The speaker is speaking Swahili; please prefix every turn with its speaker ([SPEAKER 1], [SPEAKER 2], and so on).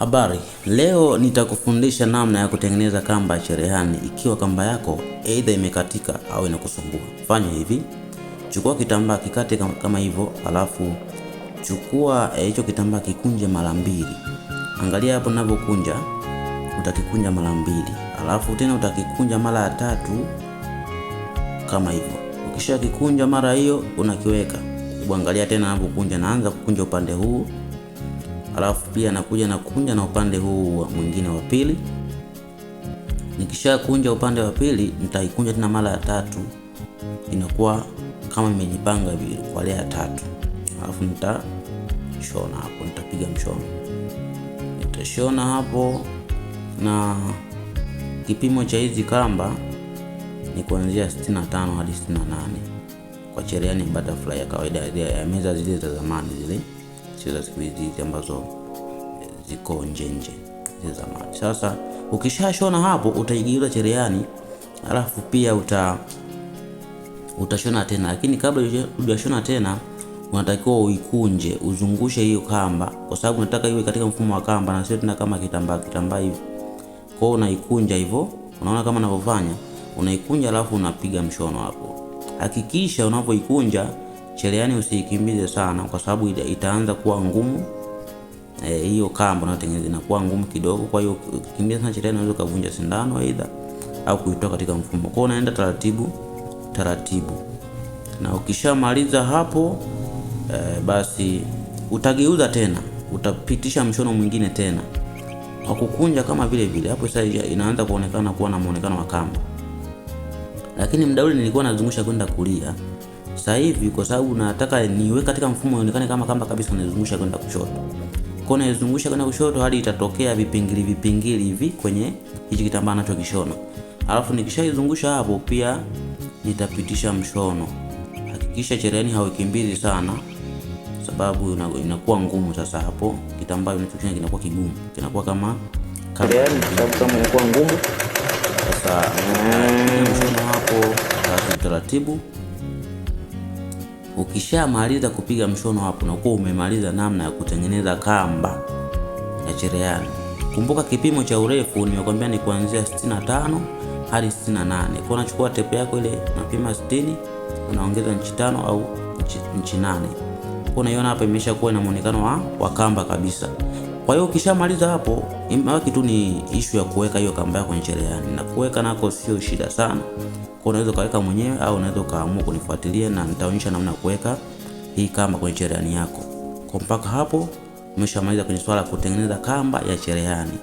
[SPEAKER 1] Habari, leo nitakufundisha namna ya kutengeneza kamba ya cherehani ikiwa kamba yako aidha imekatika au inakusumbua. Fanya hivi, chukua kitambaa kikate kama hivyo, alafu chukua eh, hicho kitambaa kikunje mara mbili. Angalia hapo ninavyokunja, utakikunja mara mbili, alafu tena utakikunja mara ya tatu kama hivyo. Ukishakikunja mara hiyo unakiweka. Hebu angalia tena ninavyokunja, naanza kukunja upande huu alafu pia nakuja na kunja na upande huu mwingine wa pili. Nikisha kunja upande wa pili, nitaikunja tena mara ya tatu, inakuwa kama imejipanga vile kwa lea tatu, alafu nitashona hapo, nitapiga mshono, nitashona hapo, na kipimo cha hizi kamba ni kuanzia 65 hadi 68 kwa cherehani butterfly ya kawaida ya meza zile za zamani zile kucheza siku hizi hizi ambazo eh, ziko nje nje za maji. Sasa ukishashona hapo, utaigeuza cherehani, alafu pia uta utashona tena, lakini kabla hujashona tena unatakiwa uikunje, uzungushe hiyo kamba, kwa sababu unataka iwe katika mfumo wa kamba na sio tena kama kitambaa kitambaa hivi. Kwa hiyo unaikunja hivyo, unaona kama ninavyofanya, unaikunja alafu unapiga mshono hapo. Hakikisha unapoikunja Cherehani usiikimbize sana, kwa sababu itaanza kuwa ngumu e, hiyo e, kamba unayotengeneza inakuwa ngumu kidogo. Kwa hiyo kimbia sana cherehani unaweza kuvunja sindano aidha au kuitoa katika mfumo. Kwa hiyo unaenda taratibu taratibu, na ukishamaliza hapo e, basi utageuza tena, utapitisha mshono mwingine tena kwa kukunja kama vile vile. Hapo sasa inaanza kuonekana kuwa na muonekano wa kamba, lakini mdauli nilikuwa nazungusha kwenda kulia sasa hivi kwa sababu nataka niwe katika mfumo ionekane kama kamba kabisa, naizungusha kwenda kushoto. Kwa naizungusha kwenda kushoto hali itatokea vipingili vipingili hivi kwenye hichi kitambaa nachokishona. Alafu nikishaizungusha hapo pia nitapitisha mshono. Hakikisha cherehani hauikimbizi sana sababu inakuwa ngumu. Sasa hapo kitambaa unachoshona kinakuwa kigumu, kinakuwa kama kama inakuwa ngumu. Sasa mm.
[SPEAKER 2] mshono hapo taratibu Ukishamaliza kupiga mshono hapo, unakuwa umemaliza namna ya kutengeneza kamba ya cherehani. Kumbuka kipimo cha urefu nimekwambia ni kuanzia 65 hadi 68. Kwa unachukua tepe yako ile, unapima 60, unaongeza nchi tano au nchi nane. Kwa unaiona hapa imeshakuwa na muonekano wa kamba kabisa. Kwa hiyo ukishamaliza hapo, imebaki tu ni ishu ya kuweka hiyo kamba yako kwenye cherehani, na kuweka nako sio shida sana, kwa unaweza ukaweka mwenyewe au unaweza ukaamua kunifuatilia na nitaonyesha namna kuweka hii kamba kwenye cherehani yako. Kwa mpaka hapo umeshamaliza kwenye swala kutengeneza kamba ya cherehani.